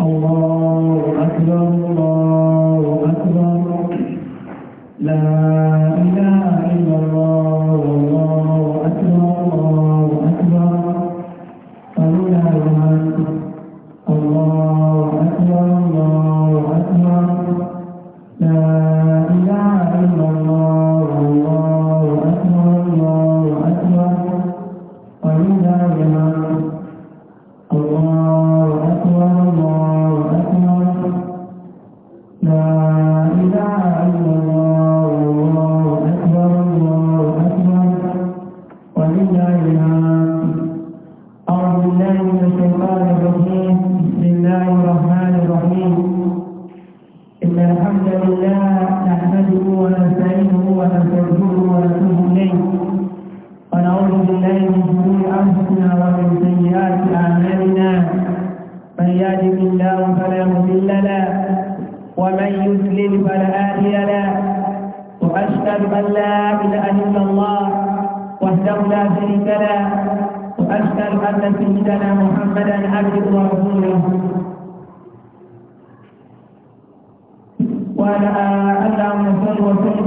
الله أكبر الله أكبر لا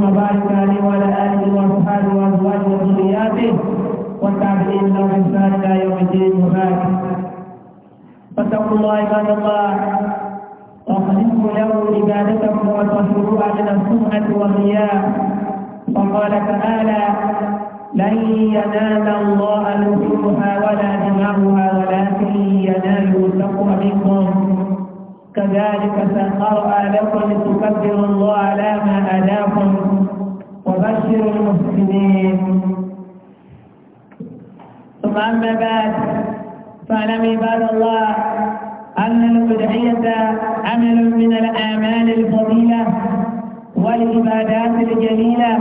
وبارك بارك عليه وعلى اله واصحابه وازواجه وذرياته والتابعين له باحسان الى يوم الدين وبارك فاتقوا الله عباد الله واخلصوا له عبادتكم وطهروها من السمعه والرياء فقال تعالى لن ينال الله لحومها ولا دماؤها ولكن يناله التقوى منكم كذلك سخرها لكم لتكبروا الله على ما هداكم وبشر المحسنين ثم أما بعد فاعلم عباد الله أن الأدعية عمل من الأعمال الفضيلة والعبادات الجليلة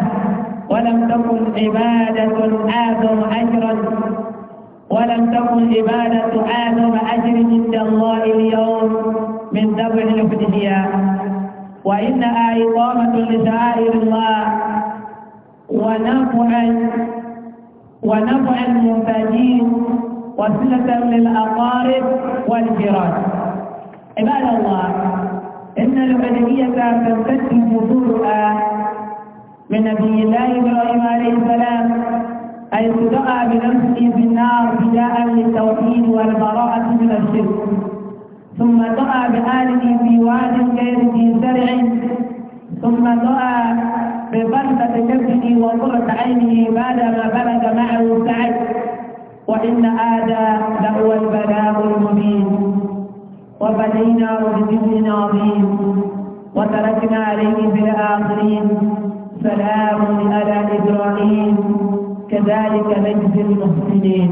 ولم تكن عبادة آدم أجرا ولم تكن عبادة آدم أجر عند الله اليوم من ذوي لحدهيا وإنها إقامة لشعائر الله ونفع ونفع المحتاجين وصلة للأقارب والجيران عباد الله إن الحديبية تمتد جذورها من نبي الله إبراهيم عليه السلام حيث دعا بنفسه في النار فداء للتوحيد والبراءة من الشرك بآله في واد غير ذي زرع ثم دعا ببردة كبده وقرة عينه بعدما بلغ معه سعد وإن هذا لهو البلاء المبين وبنينا بذكر عظيم وتركنا عليه في الآخرين سلام على إبراهيم كذلك نجزي المحسنين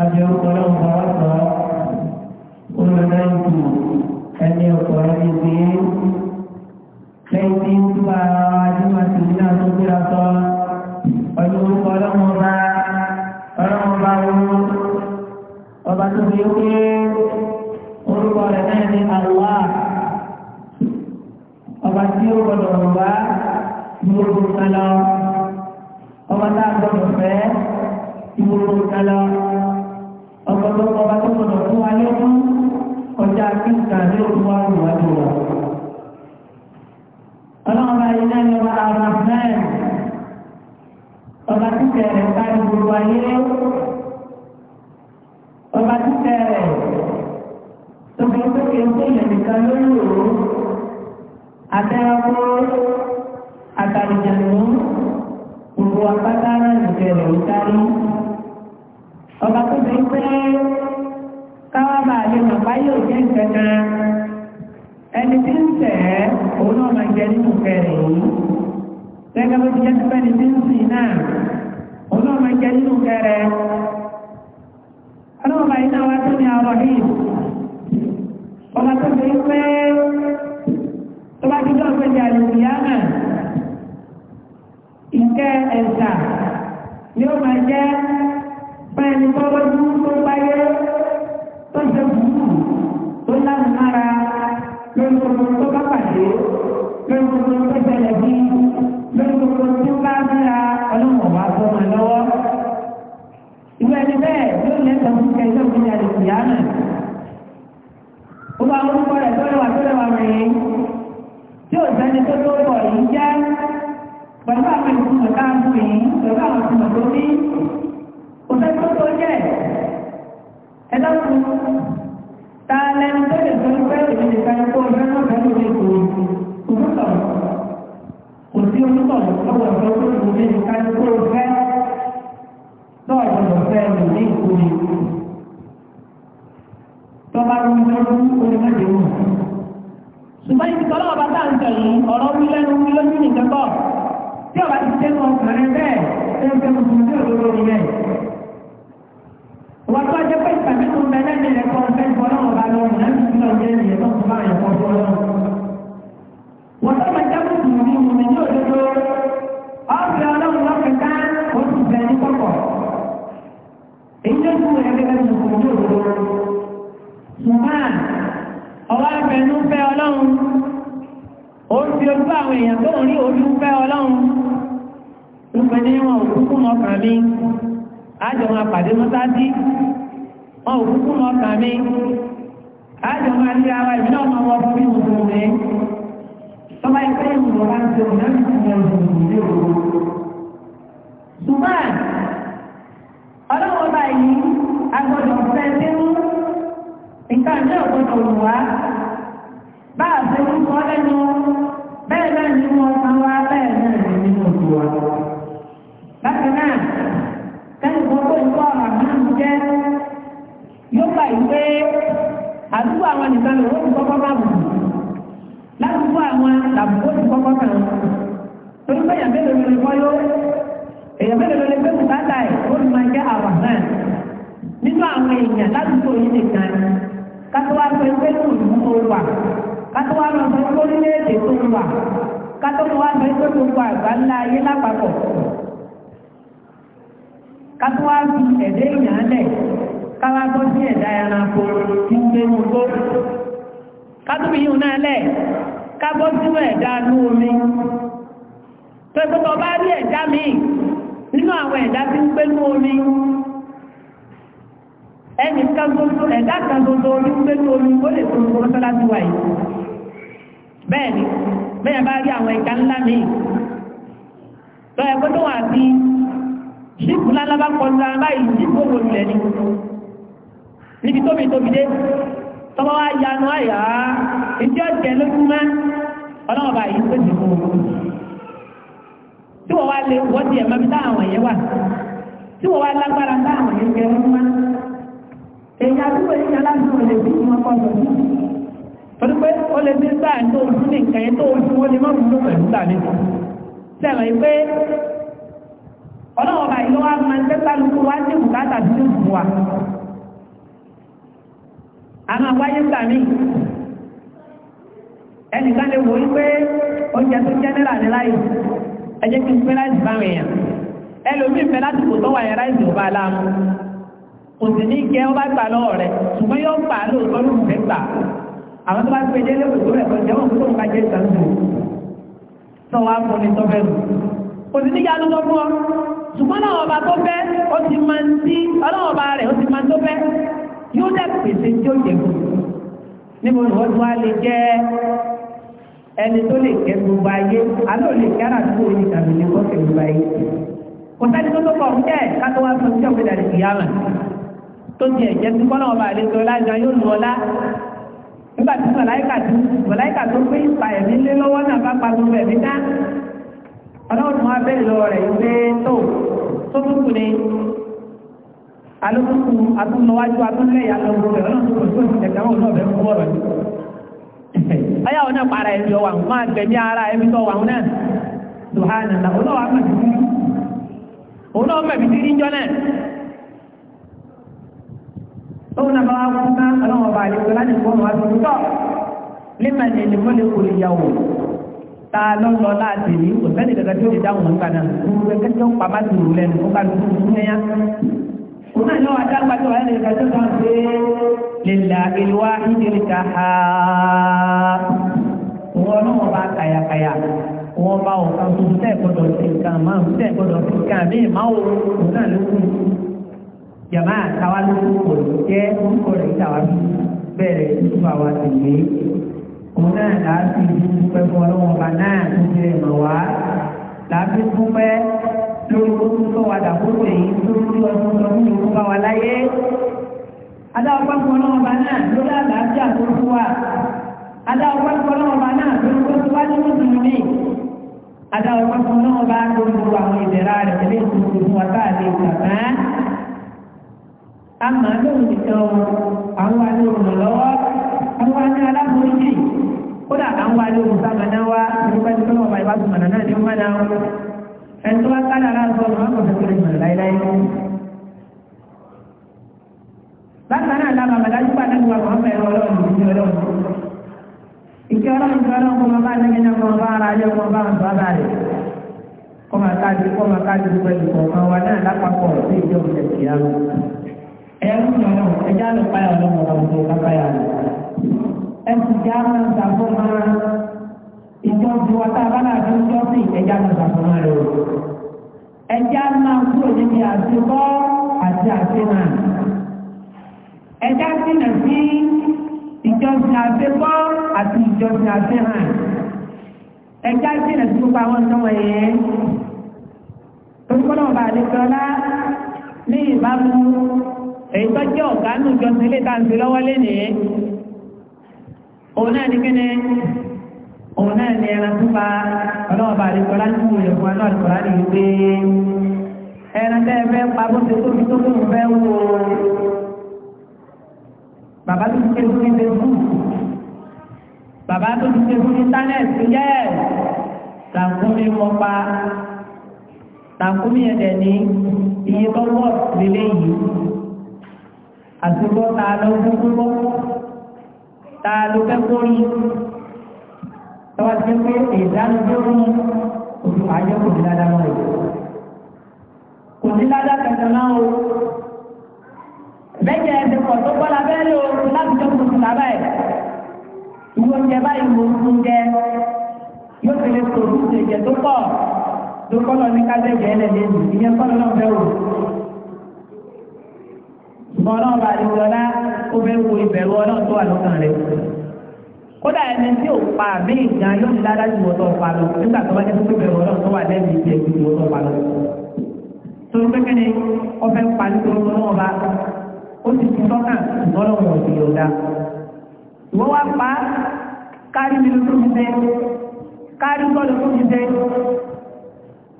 àbí ọpọlọ ọpọlọpọ olùdáǹkù ẹni ọpọlọ ìgbé lẹ́yìn tí ń túbà àdúgbò àti ìdílé àti òkúra sọ ọdún orúkọ ọlọ́mọba ọlọ́mọba owó ọba tó fi wé orúkọ rẹ̀ náà ní àlùwà ọba tí ó gbọdọ̀ wá gbogbo nǹkan lọ ọba tá a gbọdọ̀ fẹ́ gbogbo nǹkan ọ̀pọ̀lọpọ̀ ọba tó gbọdọ̀ fún wa lẹ́kún ọjà kí nǹkan lé òun wá lù wájú wa. ọlọ́run bá yẹ lẹ́nu ọba Ar-Rahman ọba títẹ̀ rẹ̀ kárí gbogbo ayé ọba títẹ̀ rẹ̀ tó fi ọba tó ti pé káwá máa lè mọ̀ báyìí ò jẹ́ nǹkan kan ẹni tí ń tẹ̀ ẹ́ òun náà máa jẹ nínú kẹrẹ̀ yìí gẹ́gẹ́ bó ti jẹ́ pípẹ́ ni tí ń sìn náà òun náà máa jẹ nínú kẹrẹ̀ ọlọ́wọ́ báyìí náà wá tó ní ọrọ̀ yìí ọba tó ti pé tó bá ti dọ́ọ̀pẹ́ di àlùkìyá náà ìkẹ́ ẹ̀sà ni ó máa jẹ́ fún ẹni tó lójú tó báyé tó ṣe wùwù tó lánàára lórí gbogbo tó bá pàdé lórí gbogbo tó ṣẹlẹ̀ bí lórí gbogbo tó bá múra ọlọ́mọ wá tó wọn lọ́wọ́. ìwé ẹni bẹ́ẹ̀ yóò lẹ́tọ̀ọ́ fún kẹjọ́ mi ní àdìsí àná. ó bá orúkọ rẹ̀ tó lẹ́wà tó lẹ́wà rìn tí ò sẹ́ni tó tó pọ̀ yìí jẹ́ pẹ̀lú àwọn ìtumọ̀ táàbù yìí pẹ̀lú àwọn ìtumọ̀ tó ní fẹ́ tó tó jẹ́ ẹ dákun ta lẹnu tó lè fẹ́ fẹ́ èmi lè fẹ́ kó fẹ́ tó fẹ́ lórí kò kò tó kò sí onítọ̀ lọ́wọ́ ìfẹ́ tó kò ní ìka kó fẹ́ lọ́wọ́ ìfẹ́ fẹ́ lò ní ìkórè tọ́ba ń lọ́dún onímọ̀dé wù. ṣùgbọ́n ibi tọ́lọ́ ọba tá à ń sọ yìí ọ̀rọ̀ wí lẹ́nu wí lójú nìkan bọ̀ tí ọba ti ṣe mọ́ ọkùnrin bẹ́ẹ̀ ṣé ń fẹ́ mọ́ wọ́n tó jẹ́ pé ìpàdé tó ń bẹ lẹ́nu ilẹ̀ kan fẹ́ bọ́ náà wọ́n bá lọ rìn láti fi lọ́ọ́ jẹ́ ìyẹn tó ń bá yẹn kọ́ bọ́ náà. wọ́n tó máa jábọ̀ tù mí mú mi ní òdodo ọ̀sẹ̀ ọlọ́run lọ́kẹ̀ká oṣù bẹ̀ ní kọ̀kọ̀. èyí tó kú rẹ̀ gẹ́gẹ́ bí kò ní òdodo. ṣùgbọ́n ọwọ́ abẹnú fẹ́ ọlọ́run ó àjọ máa pàdé mọ́sáàtì wọn ò kúkú mọ́ kàn mí àjọ máa ní ara ìbí náà máa wọ fún mi òun mi tọ́ba ìpẹ́ ìwọ̀n bá ń ṣe òun náà ti mọ ìwọ̀n ìdílé òun. ṣùgbọ́n ọlọ́wọ́ báyìí agbọ́dọ̀ fẹ́ dé mú nǹkan ní ọ̀gbọ́dọ̀ wù wá bá a ṣe ń kọ́ lẹ́nu bẹ́ẹ̀ náà ni wọ́n máa wá bẹ́ẹ̀ náà ni nínú òkú wa. bákan náà kẹ́lẹ́ kan tó ń kọ́ ọ̀rọ̀ àmàlù jẹ́ yóò gbà yí pé àdúgbò àwọn nìkan lòun ti kọ́kọ́ bá wù ládùúgbò àwọn làbùkó ti kọ́kọ́ kàn torí pé èèyàn mélòó ló lè kọ́ yó èèyàn mélòó ló lè gbé bùkátà ẹ̀ ó lè máa jẹ́ àwọn náà nínú àwọn èèyàn ládùúgbò yìí nìkan kátó wá pé pé kò ní tó wà kátó wá lọ sọ pé orílẹ̀-èdè tó wà kátó wá pé pé gbogbo àgbáńlá ayé lápapọ̀ kátó wá fi ẹ̀dẹ́ èèyàn lẹ̀ káwá tó sí ẹ̀dá ẹranko tí ń gbé wọn gbó kátó fi yíwọn náà lẹ̀ kábọ́ sínú ẹ̀dá inú omi tó ìpótọ̀ bá rí ẹ̀dá míì nínú àwọn ẹ̀dá tí ń gbé inú omi ẹni kankoso ẹ̀dá kankoso orí gbé inú omi ó lè fún ọmọ sọ́lá ti wà yìí bẹ́ẹ̀ni bẹ́ẹ̀ bá rí àwọn ẹ̀dá ńlá míì tó ìpótọ̀ wà bíi ṣíkù lálábá kọjá báyìí ṣíkù owó ilẹ̀ ni níbi tóbi tóbi dé tọ́wọ́ wá yanu àyà ìdí ọ̀jẹ̀ lójúmọ́ ọlọ́wọ́ báyìí ń pèsè fún un tí wọ́n wá lè wọ́n ti ẹ̀mọ́ bí táwọn yẹn wà tí wọ́n wá lágbára táwọn yẹn jẹ́ lójúmọ́ èyí àdúgbò yìí aláàbò lè fi wọn kọ́ lọ torí pé ó lè fi sáà tó ojú ní nǹkan yẹn tó ojú wọn lè má ọlọ́wọ́ bá ìlú wa máa ń tẹ́sà lóko wá sí bùkátà sí ìlú wa a máa wáyé gbà mí ẹnìkan lè wò ó pé oúnjẹ tó jẹ́nẹ́rà ní láyé ẹ jẹ́ kí n pé láìsí báwọn èèyàn ẹlòmíì fẹ́ láti kò tó wà yẹn láìsí ò bá láàmú kò sì ní kí ẹ ó bá gbà lọ́wọ́ rẹ̀ ṣùgbọ́n yóò gbà lóòótọ́ ló ń fẹ́ gbà àwọn tó bá gbé délé kò tó rẹ̀ kò jẹ́wọ́n kó tó ń kájẹ́ ìsàlùmọ̀ tó wá fún ni tọ́fẹ́ rù kò sì ní kí alóòótọ́ fún ọ ṣùgbọ́n láwọn ọba tó fẹ́ ó ti máa ń tí ọlọ́wọ́n ọba rẹ̀ ó ti máa ń tó fẹ́ yóò dẹ̀ pèsè tí ó jẹ gbogbo níbo ni wọ́n tún á lè jẹ́ ẹni tó lè kẹ́ gbogbo ayé alẹ́ ò lè kẹ́ ara tó lè tàbí lè kọ́ kẹ́ gbogbo ayé kò sẹ́ni tó tó kọ̀ ń jẹ́ kátó wá sọ sí ọ̀gbẹ́dà lè fìyà mà tó ti ẹ̀jẹ̀ tí kọ́lọ́wọ́n ọba rẹ̀ tó lájọ yóò lù ọlá nígbà tí mọ̀láìkà tó pé ìpàyẹ̀mí lé lọ́wọ́ náà bá pa gbogbo ẹ̀mí dá ọlọ́run wa bẹ́ẹ̀ lọ rẹ̀ pé tó tó kúkú ni alókùnkùn atúnlọ́wájú atúnlẹ̀yà lọ́wọ́ rẹ̀ ọlọ́run tó kò tó ti tẹ̀ka wọn náà bẹ́ẹ̀ fún ọ̀rọ̀ yìí. ọyá wọn náà para ẹ̀mí ọwà wọn máa gbẹ̀mí ara ẹ̀mí tó wà wọn náà tùhánà náà òun náà wà mọ̀ títí òun náà mọ̀ títí níjọ́ náà. òun náà bá wà fún ká ọlọ́run ọba àlejò láti ta ló ń lọ láti ní kò sẹ́ni kankan tí ó lè dáhùn nígbà náà gbogbo ẹgbẹ́ tí ó ń pamá sí òru lẹ́nu ó ká ló ń fún ẹyá. òun náà ní wọn adá gbàtí wọn lè gbàtí wọn pé lèlà ìlúwa ìdílé ká ha òun ọlọ́wọ́n bá kàyàkàyà òun bá ọ̀kan tó tẹ̀ gbọdọ̀ sí nǹkan máa ń tẹ̀ gbọdọ̀ sí nǹkan mí máa wò òun náà ló kù jàmá àtàwálókù kò jẹ́ orúkọ rẹ̀ ìtàwá bẹ̀rẹ̀ ìtúwàwá tẹ̀lé òun náà láti dúpẹ́ fún ọlọ́wọ́n ọba náà tó ti rẹ̀ mọ̀ wá láti dúpẹ́ lórí kókó tó wà dàkóso èyí tó ti ọdún ọdún yòókù bá wa láyé. adáwọ̀pá fún ọlọ́wọ́n ọba náà lórí àlàáfíà tó fún wa adáwọ̀pá fún ọlọ́wọ́n ọba náà lórí kó tó wá ní mùsùlùmí adáwọ̀pá fún ọlọ́wọ́n ọba lórí gbogbo àwọn ìdẹ̀ra rẹ̀ tẹ̀lé ìtòkò fún wa wọ́n wá ní aláboríjì kódà ká ń wá ilé òkúta mọ̀nà wá nípa ẹni tó lọ́wọ́ ìbá tùmọ̀nà náà ní mọ̀nà ẹni tó wá kádà láàbọ̀ ọ̀nà wọn kò fẹ́ kéré mọ̀nà láíláí. bákan náà lábàá màdájú pàdé wà wọ́n fẹ́ ọlọ́run ìdí ọlọ́run. ìkẹ́ ọlọ́run ìkẹ́ ọlọ́run kọ́ máa bá ní ẹni ọmọ bá ara ayé ọmọ bá ń bá bá rẹ̀ kọ́ máa káàdì kọ́ máa káàdì pẹ̀lú kọ̀ọ̀kan wa náà lápapọ̀ sí ìjọ ìjẹ̀kìyà lọ. ẹ̀yà ń sọ̀rọ̀ ẹ̀já lọ páyà ẹja máa ṣàfọ́ máa ìjọ ju ọ̀tá bánà tó ń jọ́sìn ẹja máa ṣàfọ́ máa rẹ̀ o. ẹja máa kúrò níbi àṣekọ́ àti àṣemà. ẹja sínà sí ìjọsìn àṣekọ́ àti ìjọsìn àṣemà. ẹja sínà sí gbogbo àwọn ọ̀nà wọ̀nyẹn. olùkọ́nà ọba àdékọ́lá ní ìbámu èyí tó jẹ́ ọ̀gá nù jọ́sìn ilé ìtàǹsì lọ́wọ́ lénìí òun náà ní kíni òun náà ní ẹran tó bá ọlọ́wọ́ bá àdìkọ́ láti mú ìyẹn fún aná àdìkọ́ láti rí pé ẹran tẹ́ ẹ fẹ́ pa bó ṣe tóbi tó tóun fẹ́ wò ó bàbá tó ti ké fún ní facebook bàbá tó ti ké fún ní íńtánẹ́ẹ̀tì yẹ́ tàǹkúmi mọ́ pa tàǹkúmi yẹn dẹ̀ ní iye tó wọ̀ lélẹ́yìí àti bọ́ta lọ́gbọ́n gbọ́n ta ló fẹ́ kórí tọ́wọ́ ti pé ìdánilórí oṣù àjẹ́ kò ní ládàá náà o kò ní ládàá kankan náà o lẹ́yìn ẹ̀sìn kan tó kọ́ labẹ́ lò láti tó kùtù lábẹ́ ẹ̀ ìwọ oúnjẹ báyìí mo ń jẹ yóò fi lè tòlú ìṣèjẹ tó pọ̀ tó kọ́ lọ ní kájẹ́jẹ́ ẹlẹ́dẹ̀ẹ́dì ìyẹn kọ́ lọ́nà fẹ́ o. ṣùgbọ́n náà bá ó fẹ́ wo ìbẹ̀rù ọlọ́run tó wà lọ́kàn rẹ̀ kódà ẹni tí ò pa mí gan yóò ní dáadáa ju ọ̀tọ̀ pa lọ nígbà tó bá jẹ́ pé ìbẹ̀rù ọlọ́run tó wà lẹ́mìí jẹ́ ju ọ̀tọ̀ pa lọ. torí pé kẹ́ni ó fẹ́ pa nítorí ọlọ́run bá ó ti fi tọ́kàn ìtọ́lọ́run ọ̀sìn yọ̀ọ̀dá. ìwọ́n wá pa kárí mi lójú mi sẹ́ kárí tọ́lọ́ fún mi sẹ́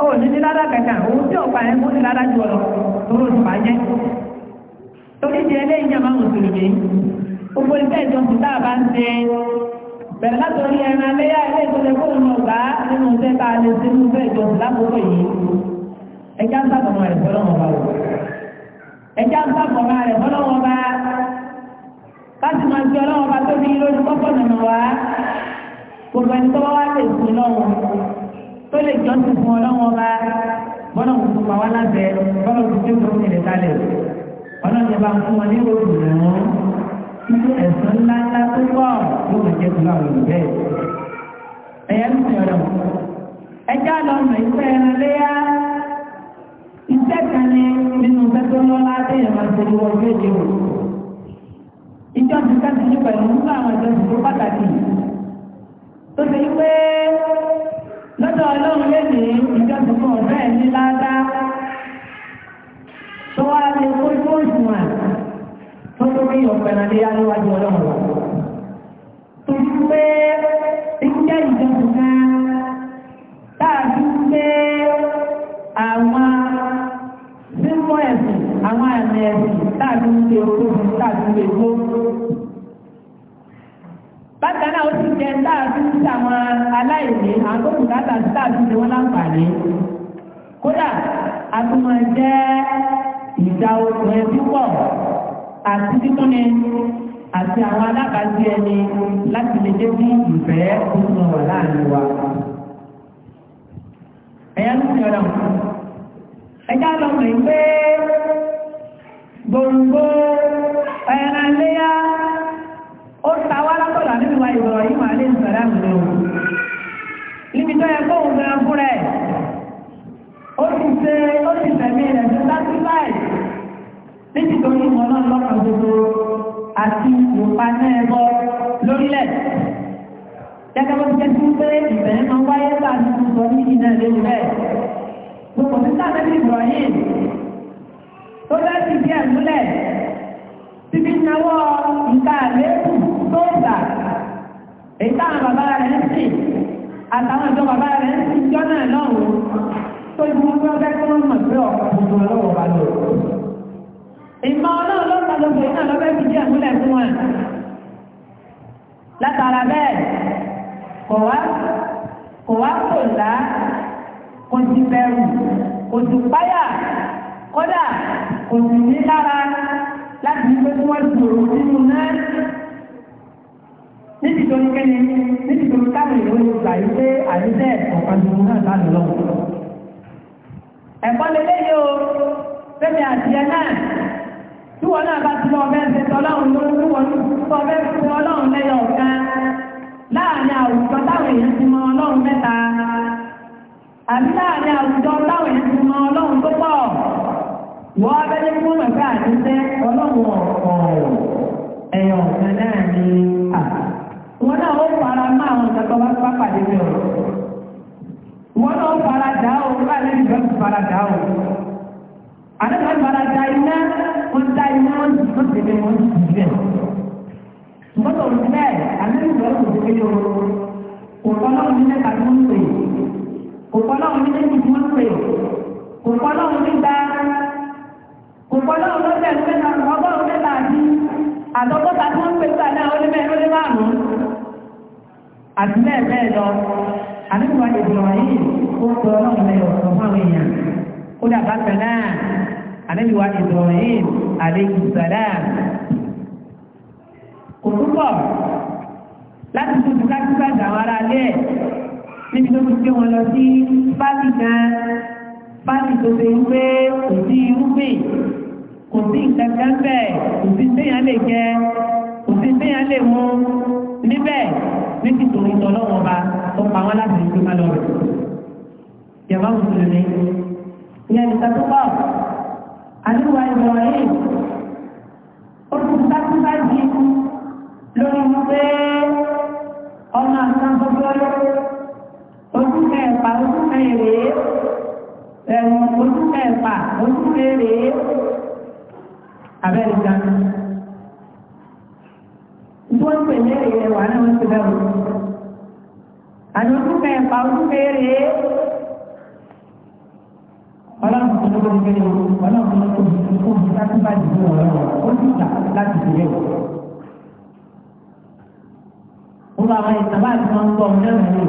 ó ní ní ládàá kẹta òun tí ò pa ẹ̀ mú ní ládàá ju ọ̀lọ́ tó ló ti bàjẹ́ torí ti ẹlẹ́yìn jẹ́ máa mùsùlùmí gbogbo iṣẹ́ ìjọsìn tá a bá ń ṣe bẹ̀rẹ̀ látọ̀rí ẹran aléyà ilé ìtọ́jẹ́ kó ń ọgbà nínú iṣẹ́ tá a lè ṣe nínú iṣẹ́ ìjọsìn lákòókò yìí ẹjá ń sàkọ̀mọ́ rẹ̀ fọlọ́wọ́n bá wò ẹjá ń sàkọ̀mọ́ rẹ̀ fọlọ́wọ́n bá láti máa fi ọlọ́wọ́n bá tóbi lórí kọ́kọ́ nànà wá gbogbo ẹni tó bá wá lè sùn lọ́wọ́ tó lè jọ́sìn fún ọlọ́wọ́n bá bọ́lọ̀ kùtùkù àwọn aláṣẹ bọ́lọ̀ ọlọ́jọba fún wọn ní oògùn náà nínú ẹ̀sán ńláńlá tó pọ̀ yóò máa jẹ́ fún àwọn olùbẹ́ ẹ̀yẹ ń sìn ọ̀rọ̀ ẹjá lọ mọ̀ ẹran léyà iṣẹ́ kan ní nínú tẹ́tọ́ lọ́lá téèyàn máa ṣe ní wọ́n méje o ìjọ ti káàkiri ní pẹ̀lú nínú àwọn ìjọ ti pàtàkì tó ṣe pé lọ́dọ̀ ọlọ́run lé ní ìjọ ti fún ọ̀fẹ́ ní ládàá àtẹ̀yà níwájú ọlọ́run wa. Torí pé ìjọba táàbí pé àwọn ẹ̀sìn àwọn àmì ẹ̀sìn táàbí pé olóògùn táàbí pé gbó. Bákan náà ó ti jẹ táàbí àwọn aláìní táàbí pé láǹfààní. Kódà, jẹ́ ìdá àti títúni àti àwọn alábàájí ẹni láti lè dé bí ìfẹ́ tuntun wà láàrin wa. ẹ̀yà ló ń yọ̀rọ̀ ẹ̀yà lọ́mọ ìgbé. ìpaná ẹbọ lórílẹ̀. Gẹ́gẹ́ bó ti jẹ́ sí pé ìbẹ̀rẹ̀ máa ń wáyé láti fún sọ ní ìdí náà lórí bẹ́ẹ̀. Gbogbo títà lẹ́bí Ibrahim tó lẹ́sìn díẹ̀ múlẹ̀ síbi náwó nǹkan àléébù tó gbà èyí táwọn bàbá rẹ̀ ń sìn àtàwọn ìjọ bàbá rẹ̀ ń sìn jọ́nà lọ́hùn-ún tó ju wọn fẹ́ fẹ́ kí wọ́n mọ̀ pé ọ̀pọ̀ ìmọ̀ náà lọ́pàá lọ́pàá náà lọ́pàá fi jẹ́ àmúlẹ̀ fún wọn látara bẹ́ẹ̀ kò wá kò wá kò lá kò ti bẹ̀rù kò ti páyà kódà kò sì ní lára láti ní pé kí wọ́n gbòòrò nínú náà níbi tó ń kẹ́ni níbi tó ń káwọn èèyàn ló gbà yí pé àyíṣẹ́ ọ̀kan tó ń náà bá lọ́wọ́ ẹ̀kọ́ lélẹ́yìí o fẹ́mi àti ẹ náà. tí wọn náà bá ti lọ ló ń tó fún láàrin àwùjọ táwọn èèyàn ti mọ ọlọ́run mẹ́ta àbí láàrin àwùjọ táwọn èèyàn ti mọ ọlọ́run tó pọ̀ wọ́n abẹ́lé fún ẹ̀fẹ́ àtúnṣe ọlọ́run ọ̀rọ̀ ẹ̀yọ̀ ọ̀kan náà ni wọn náà ó fara mọ́ àwọn bá mi wọn náà ó fara dà ó fara àti wọn fara da iná wọn da iná wọn sì wọn sì bẹ wọn sì bẹ gbọ́dọ̀ wọn bẹ́ẹ̀ àti o bẹ wọn sì bẹ yọ òkọlọ wọn nílẹ̀ kàtó ń pè òkọlọ wọn nílẹ̀ kàtó ń pè òkọlọ o nígbà òkọlọ wọn lọ bẹ́ẹ̀ lọ bẹ́ẹ̀ lọ bọ́ọ̀ bẹ́ẹ̀ bá di o tí wọn pè gbà náà ó lé bẹ́ẹ̀ ló lé márùn àti bẹ́ẹ̀ bẹ́ẹ̀ lọ àti wọn ìgbìmọ̀ yìí ó ń tọ Ọlọ́run lẹ́yìn ọ̀sán fáwọn èèyàn kódà bákan náà ànábì wa Ibrahim alayhi salam kò túbọ̀ láti tuntun kájúkà àwọn ará alẹ́ níbi tó ti gbé wọn lọ sí fáàlì kan fáàlì tó ṣe wípé kò sí irúgbìn kò sí nǹkan kan bẹ́ẹ̀ kò sí téèyàn lè jẹ kò sí téèyàn lè mú níbẹ̀ ní ti tòun ìtọ́ lọ́wọ́ ọba tó pa wọn láti rí lọ rẹ̀. yàrá òṣèlú ni ìyẹn nìkan tó pọ̀ àdúrà ìbọ̀wọ̀ yìí ó ti sákúsá di lórí wípé ọmọ àtàn tó gbọ́dọ̀ ojú kẹfà ojú kẹrè ẹ̀wọ̀n ojú kẹfà ojú kẹrè abẹ́rẹ́ ìdáná. Ìjọba ń pè ní èrè rẹ̀ wà náà wọ́n ti kẹfà ojú kẹrè ọlọ́run tó tó lórí bẹ́ẹ̀ o ọlọ́run tó tó lórí kó o ká tó bá dìbò ọ̀rọ̀ rẹ̀ ó ti gbà láti dìbò o. ó bá wọn ìtàn báyìí tó ń bọ̀ ọ́ mẹ́rin ni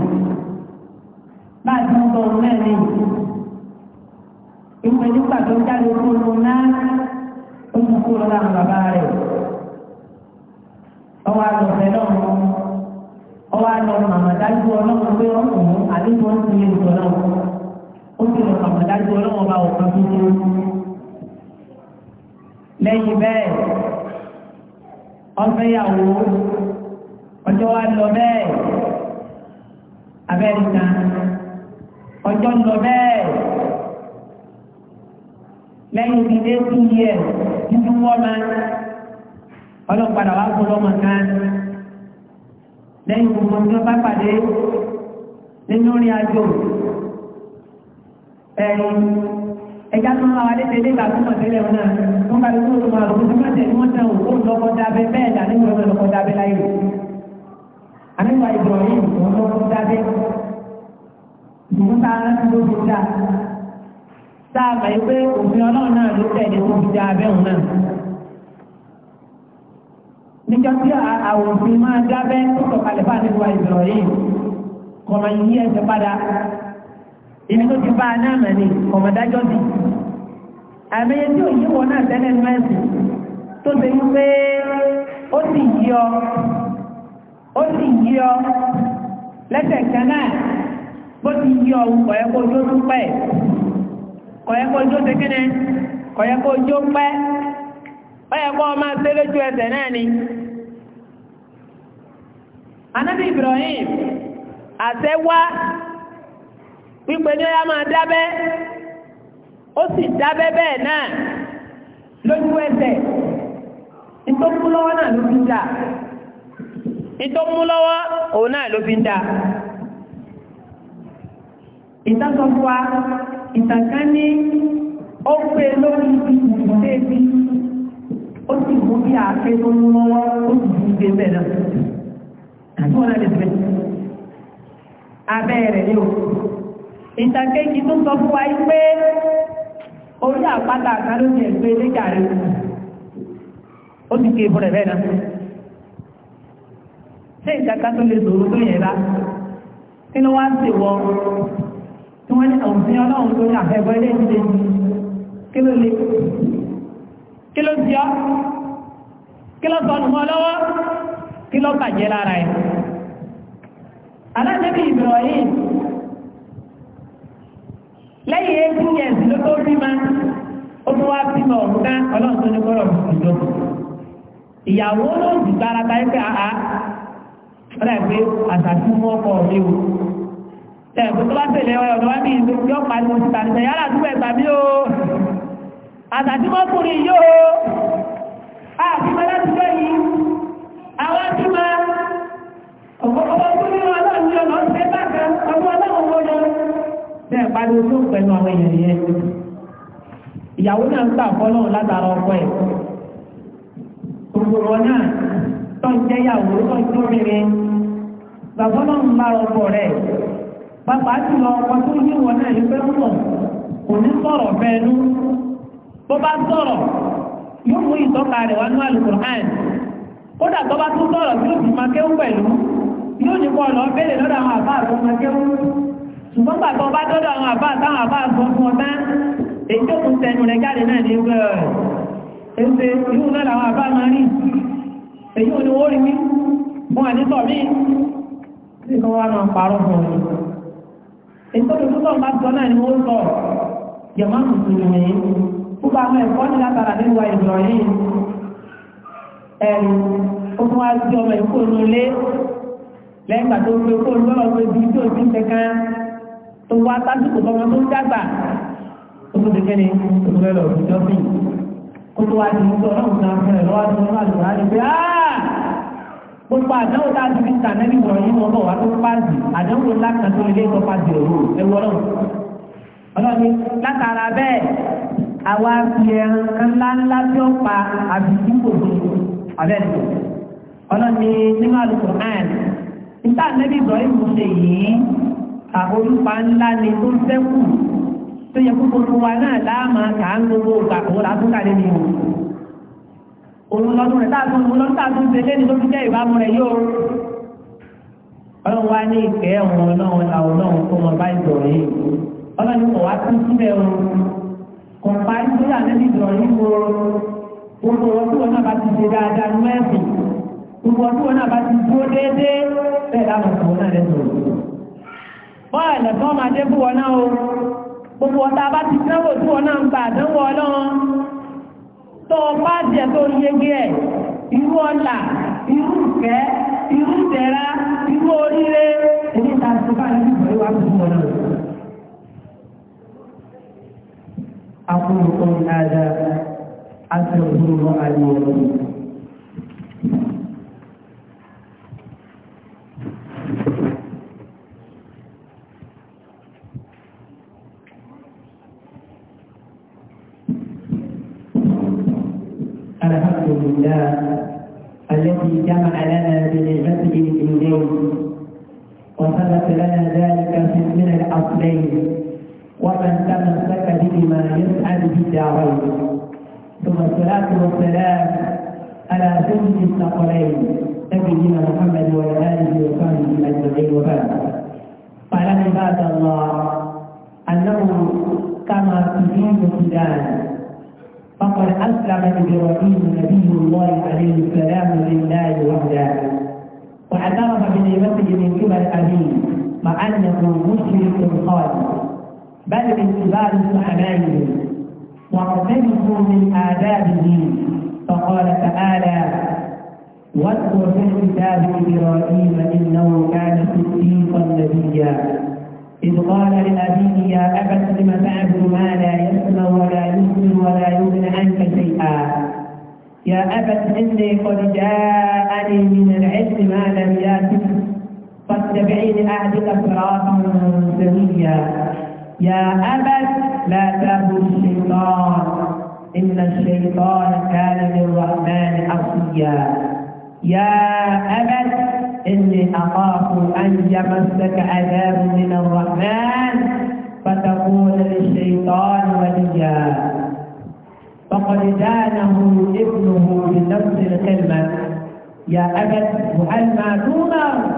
báyìí tó ń bọ̀ ọ́ mẹ́rin ni ìwé nígbà tó jáde kúrò náà ó ti kúrò láwọn bàbá rẹ̀ ọwọ́ àlọ́fẹ́ náà ọwọ́ àlọ́ màmá dájú ọlọ́run pé ọkùnrin àdébọ̀ ń ti lè sọ náà ó sì mọ̀ màmá dájú ọlọ́wọ́n bá ọ̀kan tuntun. lẹ́yìn bẹ́ẹ̀ ọ̀fẹ́yàwó ọjọ́ wa lọ bẹ́ẹ̀ abẹ́rìkà ọjọ́ lọ bẹ́ẹ̀ lẹ́yìn bíi eighty years nínú wọ́mà ọlọ́padà wà fún ọmọ kan lẹ́yìn gbogbo ní ọba pàdé nínú orin àjò ẹja tó máa wà lédè nígbà tó mọ̀ tẹ́lẹ̀ wọn náà wọ́n bá lóko tó máa lóko tó máa tẹ̀lé wọ́n tẹ̀ òkú lọ́kọ́ dábẹ́ bẹ́ẹ̀ dání wọ́n lọ́kọ́ dábẹ́ láyé rẹ̀ àníwá ìbọ̀nyìn wọ́n lọ́kọ́ dábẹ́ ìmúta aláǹtí ló fi dá sáàbà yìí pé òfin ọlọ́run náà ló tẹ̀lé tó fi dá abẹ́ òun náà níjọ tí àwọn òfin máa dábẹ́ tó sọ̀kalẹ̀ fáwọn àníwá ibi tó ti bá a náà mẹ́ni ọ̀mọ̀dájọ́ sí àmẹ́yẹ tí òyìn wọn náà tẹ́lẹ̀ mẹ́sì tó ṣe ń pé ó sì yí ọ ó sì yí ọ lẹ́sẹ̀ kan náà bó ti yí ọ kọ̀yẹ́kọ́ ojú tó pẹ́ kọ̀yẹ́kọ́ ojú tó kẹ́nẹ́ kọ̀yẹ́kọ́ ojú pẹ́ ọ̀yẹ́kọ́ ọmọ sẹ́lẹ̀jú ẹsẹ̀ náà ni anábì oh, oh, Ibrahim àtẹ́wá pípẹ́ ní ọyá máa dábẹ́ ó sì dábẹ́ bẹ́ẹ̀ náà lójú ẹsẹ̀ ìtọ́kú lọ́wọ́ náà ló fi ń dà ìtọ́kú lọ́wọ́ òun náà ló fi ń dà ìtàsọ̀fà ìtàkà ní ó pé lórí ìgbìmọ̀ bí ó sì mú bí àáké tó ń lọ́wọ́ ó sì fi gbé bẹ́ẹ̀ náà àti wọn náà lè bẹ́ẹ̀ abẹ́ rẹ̀ ní òkú ìtàkéjì tó sọ fún wa pé orí àpáta àkàrò ní ẹgbẹ́ lẹ́jà rẹ̀ ó ti ké ìbúrẹ̀ bẹ́ẹ̀ náà ṣé ìjàkà tó lè sòrò tó yẹ bá kí ló wá sí wọ tí wọ́n ní òfin ọlọ́run tó ní àfẹ́gbọ́ ilé ìdílé kí ló lè kí ló ti ọ́ kí ló sọ ọdún ọlọ́wọ́ kí ló bàjẹ́ lára ẹ̀ alájẹ́bí Ibrahim lẹ́yìn eighteen years ló tó rí ma ó tún wá sí ma ọ̀rùn ká ọlọ́run tó ní kọ́rọ̀ ìjọ ìyàwó ló ń dùn gbára ta ẹgbẹ́ àá wọ́n dà pé àtàkì mú ọkọ̀ mi o tẹ̀ kó tó bá tẹ̀lé ọ̀dọ̀ wá ní ìlú yọ pariwo síta níta yàrá àdúgbò ẹ̀gbà mi o àtàkì mọ́kùnrin yóò àbí má ariwo tó ń pẹ̀lú àwọn èèyàn yẹn ìyàwó náà ń gbà fọ́lọ́ látara ọkọ ẹ̀ gbogbo wọn náà tó ń jẹ́ ìyàwó tó ń tóbìnrin bàbá náà ń bá ọkọ rẹ̀ bàbá ti lọ ọkọ tó ní wọn náà yóò fẹ́ mọ̀ kò ní sọ̀rọ̀ fẹ́ẹ́nu bó bá sọ̀rọ̀ yóò mú ìtọ́ka rẹ̀ wá ní Al-Qur'an kódà tó bá tún sọ̀rọ̀ yóò fi máa kéwú pẹ̀lú yóò ní kọ́ lọ ṣùgbọ́n pàtó bá dọ́dọ̀ àwọn àbá àtàwọn àbá àgbọn fún ọ̀tá èyí tó kún tẹnu rẹ̀ jáde náà ní ẹgbẹ́ ẹ̀ ṣe irú náà làwọn àbá máa rí èyí ò ní wọ́n rí wí wọn àní sọ mí sí kí wọ́n máa parọ́ fún mi èyí tó tuntun náà bá sọ náà ni wọ́n sọ yàmá mùsùlùmí gbogbo àwọn ẹ̀kọ́ ní látara nínú wa ìgbọ̀ yìí ẹ̀rù ó fún wa sí ọmọ ìkó lólé lẹ́yìn gbà tó gbé kó lọ́lọ́ gbé bí tó ti ń tẹ̀kan tó wá sásìkò tọmọ tó ń dàgbà tó tó dèké ni tó fẹ́ lọ ìjọ bí kó tó wá di ìjọ ọlọ́run náà fẹ́ lọ́wọ́ tó wá lọ́wọ́ àti pé gbogbo àdánwò tá a ti fi tàn nẹ́bí wọ̀nyí wọn bọ̀ wá tó pàdé àdánwò ńlá kan tó lè tó pàdé òru ẹwọ́ náà ni látara bẹ́ẹ̀ àwa fi ẹran kan ńláńlá tí ó pa àbìsí gbogbo abẹ́rẹ́ ọlọ́ni nínú àlùkò náà níta nẹ́bí Ibrahim ṣe yìí àforúpa ńlá ni tó ń sẹ́kù tó yẹ kó gbogbo wa náà láàmà kà á ń gbogbo ògbà òun làásùn kàlẹ́ ni o òun lọ́dún rẹ̀ táàtún òun lọ́dún táàtún ṣe lẹ́ni tó fi jẹ́ ìbámu rẹ̀ yóò ọlọ́run wá ní ìkẹ́ ọ̀hún ọlọ́run la ọlọ́run kó wọn bá ìdọ̀rọ̀ yìí ọlọ́run kò wá tún síbẹ̀ o kò bá ìdúrà níbi yìí kó gbogbo ọdún bọ́ọ̀lù tó máa dé fún o gbogbo ọ̀tá bá ti dánwò tí wọn ń gbà dánwò ọlọ́run tó tó yege ẹ̀ irú ọ̀là irú ìfẹ́ irú oríire ta ti bá ní fún المعتقد بما يسعد في الدارين ثم الصلاة والسلام على سيد الثقلين نبينا محمد وعلى آله وصحبه أجمعين وبعد قال عباد الله أنه كما تجيب السودان فقد أسلم إبراهيم نبي الله عليه السلام لله وحده واعترف بنعمته من قبل أبيه مع أنه مشرك خالص بل باتباع حمائه وارتبطوا من آدابه فقال تعالى واذكر في الكتاب إبراهيم إنه كان صديقا نبيا إذ قال لأبيه يا أبت لم تعبد ما لا يسمع ولا يسمع ولا يغني عنك شيئا يا أبت إني قد جاءني من العلم ما لم يأتك فاتبعيني أهدك صراطا سويا يا أبت لا تأبو الشيطان إن الشيطان كان للرحمن عصيا يا أبت إني أخاف أن يمسك عذاب من الرحمن فتكون للشيطان وليا فقد دانه ابنه بنفس الكلمة يا أبت هل ما دونه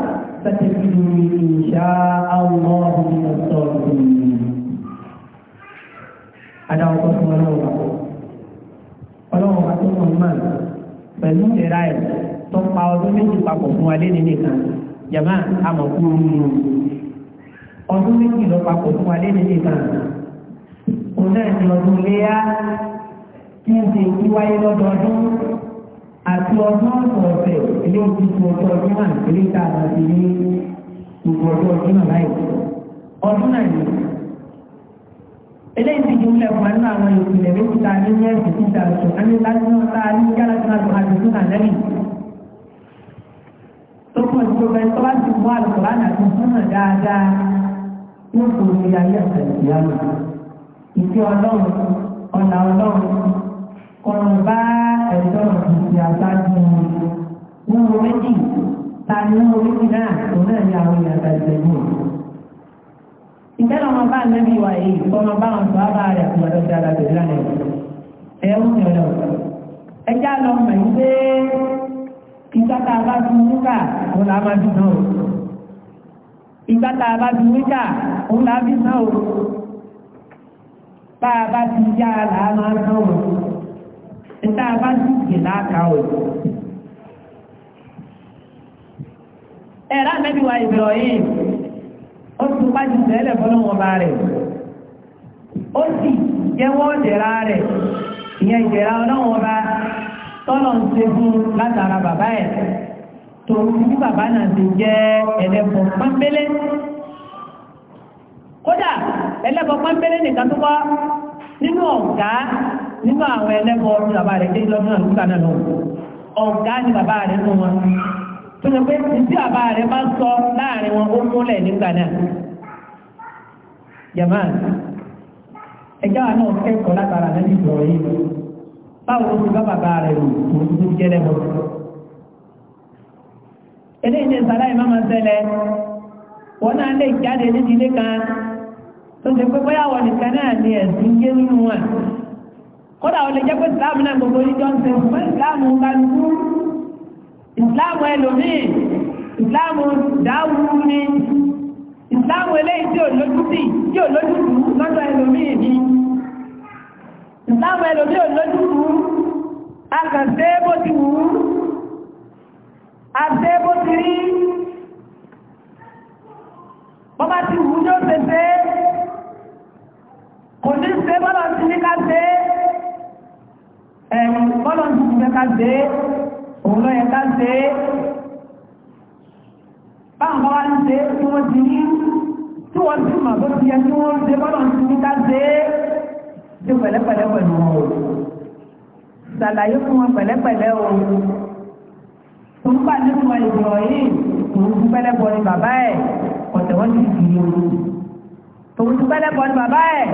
فتجدني إن شاء الله من الصالحين adáwọ̀ tó fún ọlọ́run bá kọ́ ọlọ́run bá tó mọ̀ mọ́ pẹ̀lú ìlera ẹ̀ tó pa ọdún méjì papọ̀ fún wa lẹ́ni nìkan jàmá àmọ̀kú ooru ọdún méjì lọ papọ̀ fún wa lẹ́ni nìkan òun náà ni ọdún léyà kí n ṣe kí wáyé lọ́dọọdún àti ọdún ọ̀sẹ̀ ọ̀sẹ̀ ilé òtútù ọjọ́ ọdún náà ilé àti ní gbogbo ọjọ́ ọdún náà láì ọdún náà eléyìí ti di ilẹ̀ fún ẹnu àwọn ìpìlẹ̀ méjì tá a ní ní ẹ̀sìn títà sùn ẹni láti náà tá a ní yálà tí wọ́n ti máa dùn náà lẹ́yìn. tó pọ̀ sí ọgbẹ́ tó bá ti mú àlùkò lánàá tó fún náà dáadáa yóò kó ní ayé ẹ̀sẹ̀ ìyáwó. ìfẹ́ ọlọ́run ọ̀nà ọlọ́run kọ̀ọ̀nù bá ẹ̀tọ́ ìsìn àtàkùn wọn wọ méjì tá a ní wọn méjì náà tó náà ní àwọn ìyàtọ̀ ìsẹ̀yìn ìtẹ́lẹ̀ ọmọ bá nẹ́bí wa yìí ọmọ bá wọn sọ bá rẹ̀ àti ọ̀dọ́ dára tó lánàá ẹ̀yẹ́ wọ́n yọ̀ lọ. ẹ já lọ mọ̀ ní pé ìgbà tá a bá fi níkà òun là máa fi náà o. ìgbà tá a bá fi níkà òun là fi náà o. bá a bá ti yá a là á máa náà o. ìta a bá ti jì láàka o. ẹ̀rọ àmẹ́bí wa ìbẹ̀rọ̀ yìí. tún pàjù tẹ́lẹ̀ fọlọ́wọ́n rẹ̀ ó sì jẹ́wọ́ ìdẹ̀ra rẹ̀ ìyẹn ìdẹ̀ra tọ́lọ̀ ń ṣe fún látara bàbá ẹ̀ tòun bí bàbá náà ti jẹ́ ẹlẹ́bọ̀ pọ́npélé kódà ẹlẹ́bọ̀ nìkan tó kọ́ nínú ọ̀gá nínú àwọn ẹlẹ́bọ̀ ọdún bàbá rẹ̀ dé lọ́dún àdúgbò tó pé títí àbá rẹ̀ bá sọ láàrin wọn ó múlẹ̀ nígbà náà yàmá ẹjọ́ kẹ́kọ̀ọ́ látara yìí báwo ló ti bá bàbá rẹ̀ lò tó ń tó jẹ́ eléyìí ní sàlá ìmọ̀ máa ṣẹlẹ̀ náà lè jáde níbi ilé kan tó bụ pé bóyá wọn nìkan náà ni ẹ̀sìn yé nínú wọn kódà lè jẹ́ pé náà gbogbo oníjọ́ ń ń bá ń ìsìláàmù ẹlòmíì ìsìláàmù dáwùú ni ìsìláàmù eléyìí tí ò lójútì tí ò lójútù lọ́dọ̀ ẹlòmíì ni ìsìláàmù ẹlòmíì ò lójútù akànṣe bó ti wù ú àṣẹ bó ti rí bọ́bá ti wù ú yóò ṣe ṣe kò ní ṣe bọ́lọ̀ sí ní ká ṣe ẹ̀rùn bọ́lọ̀ sí ní ká ṣe òun ló ń ṣe é báwọn bá wá ń ṣe é tí wọ́n ti ní tí wọ́n sì mọ̀ tó ti yẹ kí wọ́n ṣe bọ́lọ̀ ń sinmi ká ṣe é ṣe pẹ̀lẹ́pẹ̀lẹ́ pẹ̀lú wọn o ṣàlàyé fún wọn pẹ̀lẹ́pẹ̀lẹ́ o tó ń bà nínú wọn ìbùrọ̀ yìí òun ti pẹ́lẹ́bọ ni bàbá ẹ̀ ọ̀tẹ̀ wọ́n ti fi yé o òun ti pẹ́lẹ́bọ ni bàbá ẹ̀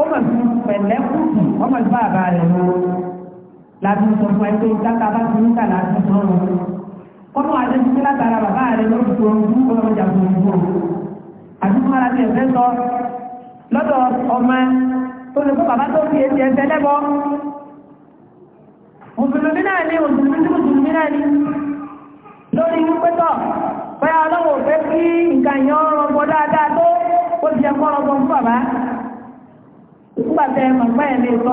ó mọ̀ sí pẹ̀lẹ́kùtù ọmọ ìfọ̀ àbá rẹ̀ lọ́wọ́ láti sọ fún ẹ pé dáta bá ti ń kà láti sọ wọn ọmọ àdéhùn pé látara bàbá rẹ lọ́dún tó ń bú ọlọ́jà tó ń bú àti fún ara ti ẹ̀fẹ́ sọ lọ́dọ̀ ọmọ tó lè fún bàbá tó fi èsì ẹ̀fẹ́ lẹ́bọ mùsùlùmí náà ní mùsùlùmí tí mùsùlùmí náà ní lórí wípé tọ̀ pé ọlọ́wọ́ pé kí nǹkan yẹn rọgbọ dáadáa tó ó ti ẹ̀kọ́ rọgbọ fún bàbá nígbà tẹ mọ̀ pé ẹ̀ lè sọ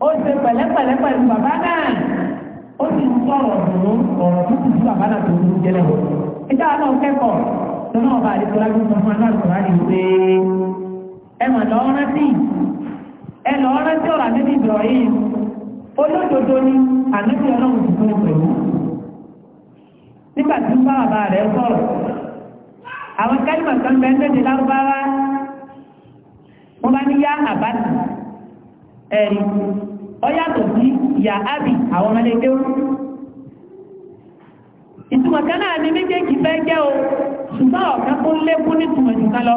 ó ṣe pẹ̀lẹ́pẹ̀lẹ́ pẹ̀lú bàbá náà ó sì ń sọ̀rọ̀ ọ̀dùn ọ̀rọ̀ tó ti sí bàbá náà tó ń jẹlẹ̀ wọ̀. ìjà náà kẹ́kọ̀ọ́ lọ́nà ọba àdìsọ lájú sọ fún aláàbò láti pé ẹ mà lọ rántí ẹ lọ rántí ọ̀rọ̀ àdébí ìbìrọ̀ yìí olódodo ni ànábì ọlọ́run ti fún pẹ̀lú. nígbà tí bàbá rẹ̀ sọ̀rọ̀ àwọn kálímà kan bẹ́ẹ̀ ń ẹ̀rí ọyàtọ̀ sí ìyà ábì àwọn ọmọdé kéwú ìtumọ̀ kan náà méjèèjì fẹ́ jẹ́ o ṣùgbọ́n ọ̀kan tó lékún ní ìtumọ̀ jù lọ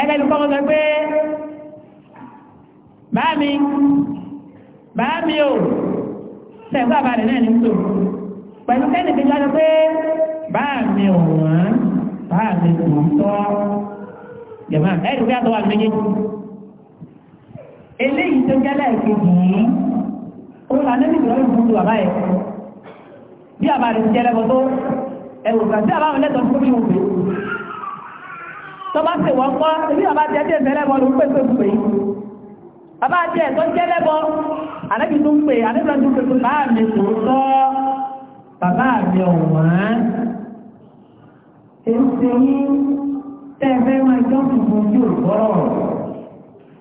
ẹgbẹ́ ní kọ́kọ́ sọ pé mi bá mi o sẹ́gbà rẹ̀ náà ní tò pẹ̀lú kẹ́ni pé mi ò wọ́n mi kò eléyìí tó jẹ́ lẹ́ẹ̀kejì yìí ó là níbi ìgbà yóò fún bàbá bí àbá rẹ̀ ti jẹ́ lẹ́kọ̀ọ́ tó ẹ̀wò kà sí àbá wọn fún mi òfin tọ́ba ṣe wọ́n kọ́ ebi bàbá jẹ́ tí ẹ̀fẹ́ lẹ́kọ̀ọ́ ló ń pèsè pè é bàbá jẹ́ ẹ̀tọ́ jẹ́ lẹ́kọ̀ọ́ àlẹ́bí tó ń pè àlẹ́bí tó ń pè fún bàbá mi kò tọ́ bàbá mi ọ̀wọ́n èsì yín tẹ́ ẹ fẹ́ máa jọ́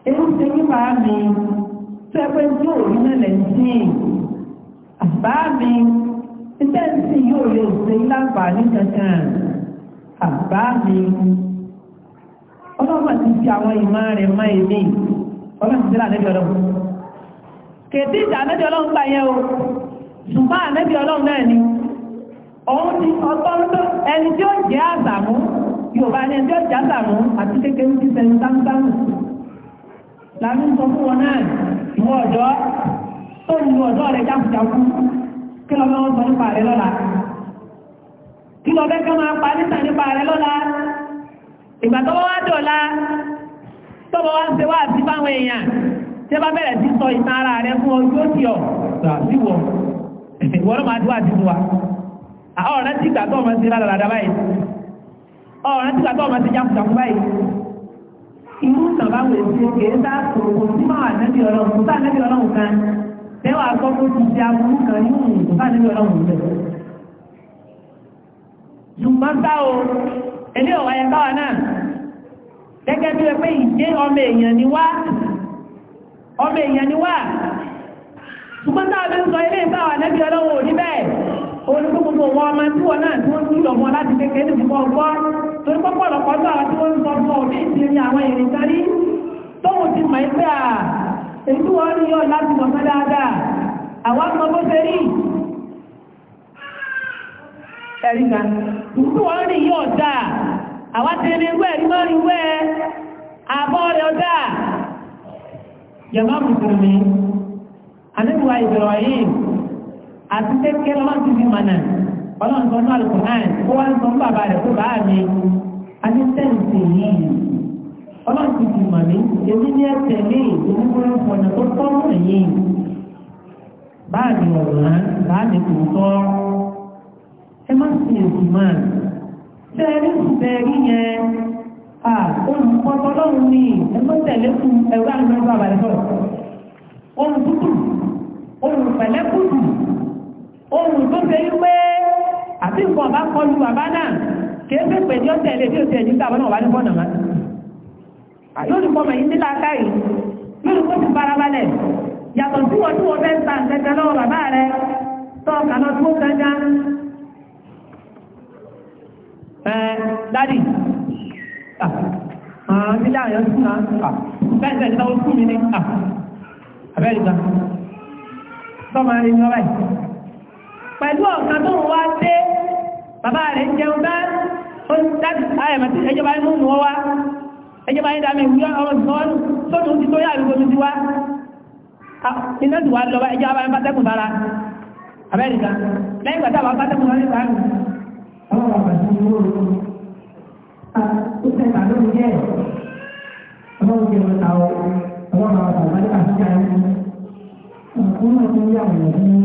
ewu ti ní bàá mi tó ẹgbẹ́ tí ò rí náà lẹ́yìn sí i àbá mi iṣẹ́ ìsìn yóò lè ṣe láǹfààní kankan àbá mi ọlọ́mọ ti fi àwọn ìmọ̀ rẹ̀ mọ́ èmi ọlọ́mọ ti sílẹ̀ àlejò ọlọ́mọ kèdí ìjà àlejò ọlọ́mọ gbà yẹ o ṣùgbọ́n àlejò ọlọ́mọ náà ni òun ti ọgbọ́n tó ẹni tí ó jẹ́ àzàmú Yorùbá ni ẹni tí ó jẹ́ àzàmú àti kékeré ti sẹ́ni sáńsáńsì làbí sọ fún wọn náà ìwọ ọ̀dọ́ tó lu ọ̀dọ́ rẹ̀ jákujáku kí lọ́ọ́ wọn sọ nípa rẹ̀ lọ́la kí lọ́ọ́ bẹ́ẹ̀ kẹ́ máa pa níta nípa rẹ̀ lọ́la ìgbà tó wá dọ̀la tó wá ń ṣe wá àti báwọn èèyàn tí bá bẹ̀rẹ̀ sí sọ ìtàn ara rẹ̀ fún ojú òsì ọ̀ síwọ̀ ìwọ́n máa dúwà sí wa ọ̀rẹ́ tí ìgbà tó irú ìtàbáwò èsì kèé tá kòkò sí máa nẹ́bí ọlọ́run kò bá nẹ́bí ọlọ́run kan tẹ́wàá sọ pé ti di aburú kan yóò wù bá nẹ́bí ọlọ́run bẹ̀. ṣùgbọ́n bá o ọ̀wá yẹn báwa náà gẹ́gẹ́ bí pé ìdé ọmọ èèyàn ni wá ọmọ èèyàn ni wá ṣùgbọ́n táwọn bí ń sọ ilé ìbáwà nẹ́bí ọlọ́run ò ní bẹ́ẹ̀ gbogbo wọn ọmọ tí wọn náà tí ń torí pọ́pọ́ ọ̀pọ̀ náà tí wọ́n ń sọ fún òní ìdílé ní àwọn ìrìn kárí tóun ti mọ̀ ẹgbẹ́ à èyí tí wọ́n rí yọ láti mọ̀ fẹ́ dáadáa àwọn ọmọ bó ṣe rí kan èyí tí wọ́n rí yọ dáa àwọn ti rí wẹ́ rí mọ́ rí wẹ́ àbọ̀ rẹ̀ dáa jẹ̀mọ́ mùsùlùmí àdébùwà ìbẹ̀rọ̀ ọlọ́run sọ náà lùkùn náà kó wá ń sọ fún bàbá rẹ̀ kó bá mi àti sẹ́ǹsì yìí ọlọ́run ti fi mọ̀ mí èmi ní ẹsẹ̀ mi ìdókòwò ọ̀nà tó tọ́ mọ̀ yìí báà mi ọ̀ràn báà mi kò tọ́ ẹ má sì èsì máa sẹ́ẹ̀rí sẹ́ẹ̀rí yẹn olùkọ́tọ́ lọ́run ní ẹgbẹ́tẹ̀lé fún ẹ̀rọ àgbẹ̀rún àbàlẹ̀ sọ̀rọ̀ ohun tútù ohun pẹ̀lẹ́kùtù ohun tó ṣe wípé àti nǹkan ọba kọlu bàbá náà kéèké pè ní ọ̀sẹ̀ ilé bí o ti ẹ̀jú gbà bọ́nà wà ní bọ́nà máa yóò ní fọmọ yìí nílá káyì yóò ní kó ti farabalẹ̀ yàtọ̀ tí wọ́n tí wọ́n fẹ́ ta kẹ̀kẹ́ lọ́wọ́ bàbá rẹ tọ́ọ̀kà lọ tó kẹjá ẹ dádì àwọn nílé àwọn yọjú náà bẹ́ẹ̀ tẹ̀lé náà ó kú mi ní àbẹ́rẹ́ ìgbà tọ́mọ ẹni ọba yìí pẹ̀lú ọ̀kan tó wá dé bàbá rẹ̀ jẹun bá ẹjọba inú mú wá ẹjọba inú dámì ìwúyọ́ ọ̀rọ̀ ìsọ́nù tó ní ti tó yà àrùgbò ti wá iná ti wá lọ́wọ́ ẹjọba inú pátẹ́kùn bára Amẹ́ríkà lẹ́yìn pàtàkì àwọn pátẹ́kùn lọ́rí sáà Àwọn bàbá tí ó rò ó, ó tẹ́ta lórí jẹ́ ẹ̀. Ọmọ òjò ta ọ, ọmọ bàbá bàbá ní àṣíkà ẹni. Ọmọ òjò ń yà wọ̀nyẹ̀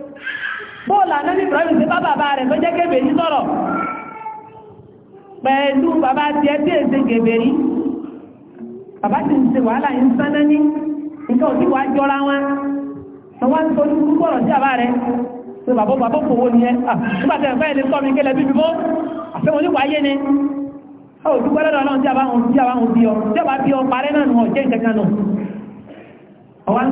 bóòlù ànábì Ibrahim sí bá bàbá rẹ̀ tó jẹ́ kébè ní sọ̀rọ̀ pẹ̀lú bàbá ti ẹ tí èsè kébè rí bàbá ti ń ṣe wàhálà yìí ń sáná ní nǹkan òsì wàá jọra wọn tó wá ń torí púpọ̀ ọ̀rọ̀ sí àbá rẹ̀ pé bàbá bàbá kò wó ni ẹ nígbà tẹ̀ fẹ́ ilé sọ́mi kélé bíbí mọ́ àfẹ́ wọn ní wáyé ni ó dúpẹ́ lọ́dọ̀ náà tí a bá ń bí ọ tí a bá bí ọ parẹ́ náà nù ọ jẹ́ ìjẹ̀kan náà ọ̀wá ń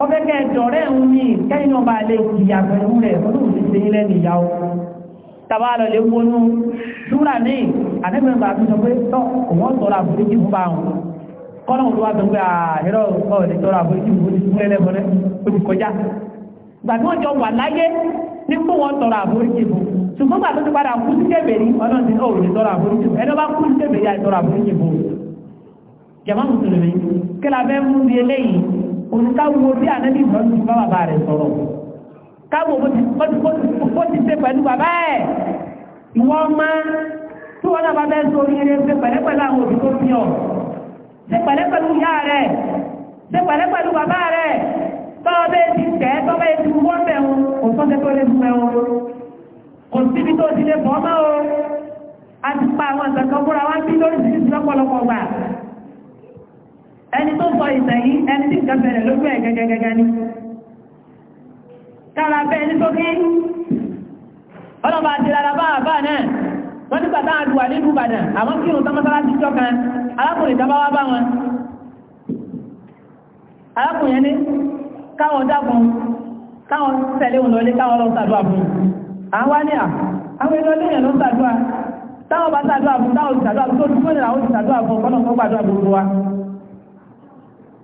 ọbẹ̀ kẹ́ dọ̀rẹ́ ń mi kẹ́yìn ọba lè jìyà pẹ̀lú rẹ̀ ọdún sí sí ilẹ̀ nìyàwó tàbá lọ lè wọnú ṣúra ní àdẹ́gbẹ̀mgbà tó sọ pé tọ́ òun tọ́ra àforíjì fún bá wọn kọ́nà òun tó wá tó pé àìrọ̀ ah, ọ̀lẹ́ tọ́ra àforíjì fún ti fún ẹlẹ́bọ̀rẹ́ ó ti kọjá gbà tí wọ́n jọ ṣùgbọ́n gbà padà kú sí kébèrè ọlọ́run ti ọ̀rẹ́ tọ́ra àforíjì fún ẹni bá kú sí kébèrè àìtọ́ra àforíjì fún jẹ̀mọ́ mùsùlùmí kí la fẹ́ mú bí eléyìí olùkáwo bí ànábì ìbọn tó bá bàbá rẹ̀ sọ̀rọ̀ káwo bó ti ṣe pẹ̀lú bàbá ẹ̀ ìwọ ọmọ tí wọn náà bá bẹ́ẹ̀ sọ oríire ṣe pẹ̀lẹ́pẹ̀lẹ́ àwọn òbí tó fi ọ̀ ṣe pẹ̀lẹ́pẹ̀lú ìyá rẹ̀ ṣe pẹ̀lẹ́pẹ̀lú bàbá rẹ̀ tọ́wọ́ bẹ́ẹ̀ ti tẹ̀ tọ́wọ́ bẹ́ẹ̀ ti wọ́n bẹ̀ wọn kò sọ́kẹ́ tó lé fún ẹ wọn kò síbi tó ti lè bọ́ mọ́ o a ti pa àwọn ìtàkàn fúnra wá sí lórí ìdílé lọ́pọ̀lọpọ̀ gbà ẹni tó sọ ìsẹ̀yìn ẹni tí nǹkan bẹ̀rẹ̀ lójú ẹ̀ gẹ́gẹ́gẹ́gẹ́ ni kára ẹni tó kí ọlọ́ba àti lára àbá náà wọ́n nígbà táwọn àdúwà nínú Ìbàdàn àwọn kí òun tọ́mọ́sára ti jọ kan ìjọba wá bá wọn arákùnrin ẹni káwọn dákun káwọn tẹ̀lé òun lọlé káwọn lọ ṣàdúrà fún àwọn wá ní à àwọn ló táwọn bá fún táwọn fún tó nílà àwọn fún gbogbo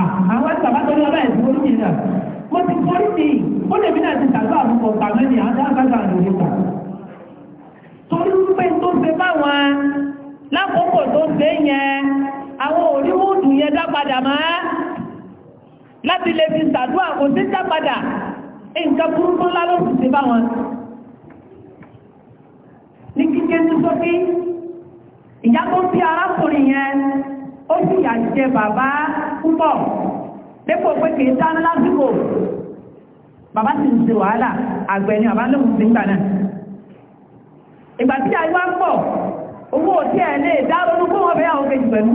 Ah, àwọn ìsàbátọ́lé ọlá ẹ̀sìn orí yìí náà mo ti kọ́rí sí i ó lè mí náà ti tàgbà àbúkọ tàbí ní àdá àgbàgbà lórí ta torí wípé tó ṣe báwọn lákòókò tó ṣe yẹn àwọn òríwòdù yẹn dápadà máa láti lè fi ṣàdúrà kò sí dápadà nǹkan burúkú ńlá ló sì ṣe báwọn ní kíké ní sókè ìyá tó bí arákùnrin yẹn ó sì yà jẹ bàbá púpọ̀ dépò pé kì í dáná lásìkò bàbá ti ń ṣe wàhálà àgbẹ̀ ni bàbá lóhùn sí gbà náà ìgbà tí àyíwá ń pọ̀ owó òtí ẹ̀ lè dá ronú kó wọn bẹ́ẹ̀ àwọn kejì pẹ̀lú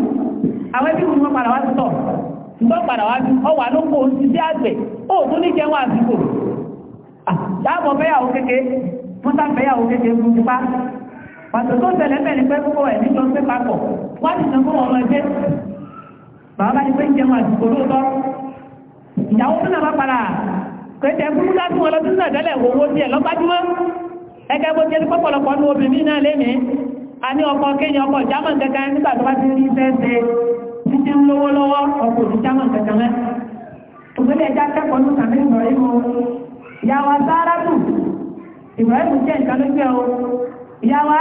àwọn ẹbí wọn padà wá sọ padà wá bí ọwà ló kó oṣù sí àgbẹ̀ ó tún ní jẹun àsìkò dáàbọ̀ kéke kéke fún tipa pàtó tó mẹ́rin pẹ́ púpọ̀ ẹ̀ pé papọ̀ wọ́n bàbá bá ní jẹun àsìkò lóòótọ́ ìyàwó tó náà padà pété burúkú láti wọn náà tẹ́lẹ̀ owó tiẹ̀ lọ́gbájúmọ́ ẹgẹ́ bó jẹ́ pọ́pọ̀lọpọ̀ ní obìnrin náà lémi a ọkọ̀ kéyìn ọkọ̀ kankan nígbà tó bá ti rí ń lówó lọ́wọ́ ọkọ̀ kankan mẹ́ ẹja kẹ́kọ̀ọ́ ní sàmì ìyàwó sáárátù ìbọ̀rẹ́mù jẹ́ o ìyàwó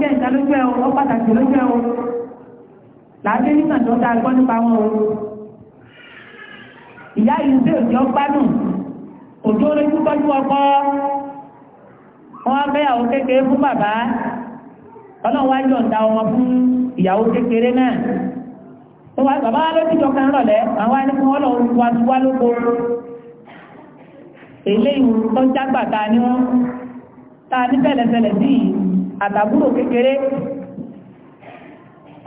jẹ́ o ọ láti nígbà tó dáa gbọ́ nípa wọn o ìyá yìí ṣe òjò gbádùn òjò lójú tọ́jú ọkọ wọn bẹ́yàwó kékeré fún bàbá ọlọ́wọ́ á yọ̀ǹda wọn fún ìyàwó kékeré náà wá bàbá wa lójú rọ̀lẹ́ àwọn fún ti wá lóko eléyìí tó jágbà ta ni wọn ta ní tẹ̀lẹ̀tẹ̀lẹ̀ àtàbúrò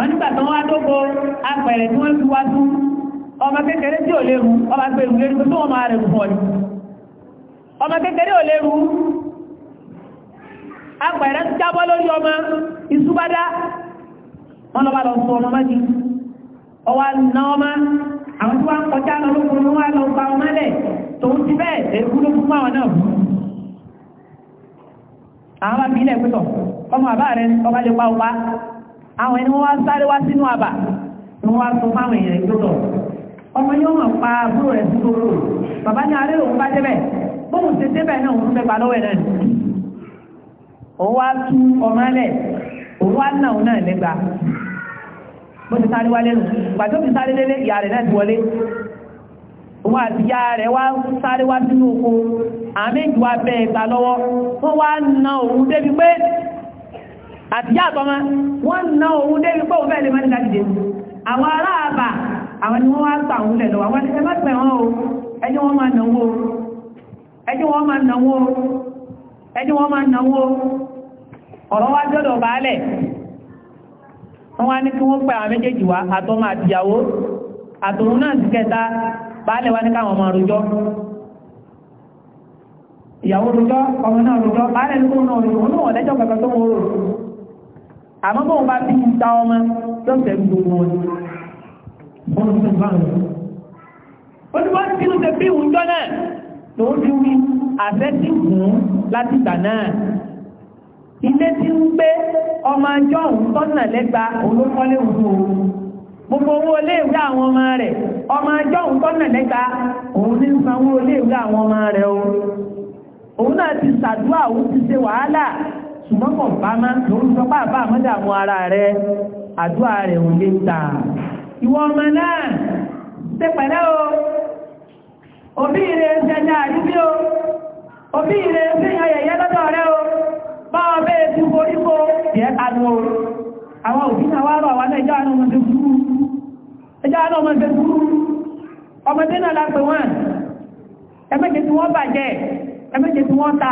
wọ́n nígbà tó wá dóko apẹ̀rẹ̀ tí wọ́n fi wá tú ọmọ kékeré tí ò léwu ọba pé ìwé ní tó wọ́n máa rẹ̀ pọ̀ ní ọmọ kékeré ò léwu apẹ̀rẹ̀ ti jábọ́ lórí ọmọ ìsúbádá wọ́n lọ́ba lọ sọ ọmọ mọ́jì ọwọ́ na ọmọ àwọn tí wọ́n kọjá lọ lókun wọn lọ pa ọmọ lẹ̀ tòun ti bẹ́ẹ̀ èkú ló fún àwọn náà àwọn bá bí ilẹ̀ pẹ́tọ̀ ọmọ àbá rẹ̀ ọba lè pa ọpa àwọn ẹni wọ́n wá sáré wá sínú àbà wọ́n wá sọ fáwọn èèyàn ìgbótọ̀ ọmọ yóò mọ̀ pa àbúrò rẹ̀ sí gbogbo bàbá ní arẹ́ òun bá débẹ̀ bóun ṣe débẹ̀ náà òun fẹ́ balọ́wẹ̀ náà ni òun wá tú ọmọ lẹ̀ òun wá náà òun náà lẹ́gbàá bó ti sáré wálé nù gbàtó ti sáré lélé ìyá rẹ̀ náà ti wọlé òun àti ìyá rẹ̀ wá sáré wá sínú oko àmì ìjù abẹ́ ìgbà lọ́wọ́ na òun débi àti àtọ́mọ́ wọ́n ná òun débi pé òun fẹ́ lè má nígbà dìde àwọn ará àbà àwọn ni wọ́n wá gbà òun lẹ̀ lọ́wọ́ àwọn ẹgbẹ́ pẹ̀ wọ́n o ẹjọ́ wọ́n máa náwó ẹjọ́ wọ́n máa náwó ẹjọ́ wọ́n máa náwó ọ̀rọ̀ wá jọ́dọ̀ baálẹ̀ wọ́n wá ní kí wọ́n pẹ̀ àwọn méjèèjì wá àtọ́mọ́ àtìyàwó àtòun náà ti kẹta baálẹ̀ wá ní káwọn ọmọ àrùjọ ìyàwó rùjọ ọmọ náà rùjọ baálẹ̀ ní náà rùjọ òun náà ọ̀lẹ́jọ́ kẹta tó wọ́n rò àmọ́ bọ́n bá bí ta ọmọ lọ́sẹ̀ gbogbo wọn bọ́n tó bá wọn. ó ní wọ́n ti ṣe bí ìwùjọ náà tó ń ju wí àṣẹ ti gùn láti gbà náà. ilé tí ń gbé ọmọ ajọ́ òun tọ́nà lẹ́gba olókọ́lé òun o gbogbo owó iléèwé àwọn ọmọ rẹ̀ ọmọ ajọ́ òun tọ́nà lẹ́gba òun ní sanwó iléèwé àwọn ọmọ rẹ̀ o òun náà ti ṣàdúrà òun ti ṣe wàhálà ṣùgbọ́n kò bá má lòun sọ pé àbá àmọ́dàmú ara rẹ àdúrà rẹ̀ ò lè tà ìwọ ọmọ náà ṣe pẹ̀lẹ́ o òbí rẹ̀ ṣẹ̀dá àdúgbò o òbí rẹ̀ ṣe ayẹyẹ lọ́dọ̀ rẹ o bá wọn bẹ́ẹ̀ ti borí kó jẹ́ àdúrà o àwọn òbí náà wá rọ àwọn náà ẹjọ́ àánú ọmọdé burú ẹjọ́ àánú ọmọdé burú ọmọdé náà la pè wọ́n tí wọ́n bàjẹ́ ẹ̀mẹ́jẹ̀ tí wọ́n ta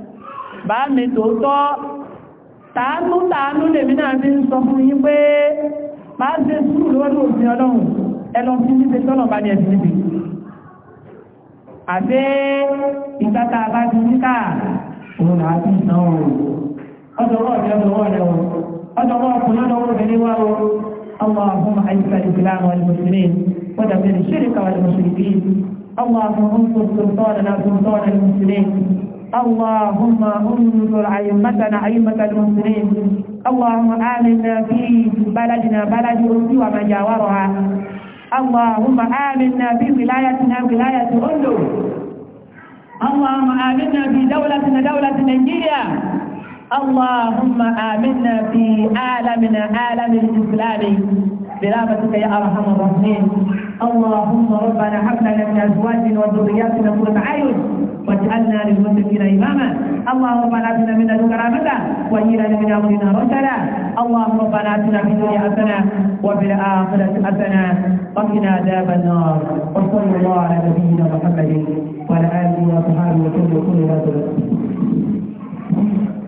bàbá mi tòótọ́ tàánú tàánú lèmi náà ní sọ fún yín pé má ṣe sùúrù lórí òfin ọlọ́run ẹlọ fún níbi tọ́lọ̀ bá ní ẹ̀sìn níbi àti ìgbàta bá ti ní káà òun là á fi sàn ọ́ ọ̀dẹ́ ọ̀dẹ́ wọn ọkùnrin obìnrin wá o اللهم انظر ائمتنا ائمه المسلمين اللهم امنا في بلدنا بلد اردو وما اللهم امنا في ولايتنا ولايه اردو اللهم امنا في دولتنا دوله نيجيريا اللهم امنا في عالمنا عالم الاسلام برابتك يا ارحم الراحمين اللهم ربنا هب لنا من ازواجنا وذرياتنا قرة اعين واجعلنا للمتقين اماما اللهم ربنا اتنا من لدنك رحمه وهي من امرنا رشدا اللهم ربنا اتنا في الدنيا حسنه وفي الاخره حسنه وقنا عذاب النار وصلى الله على نبينا محمد وعلى اله وصحبه وسلم كل ذات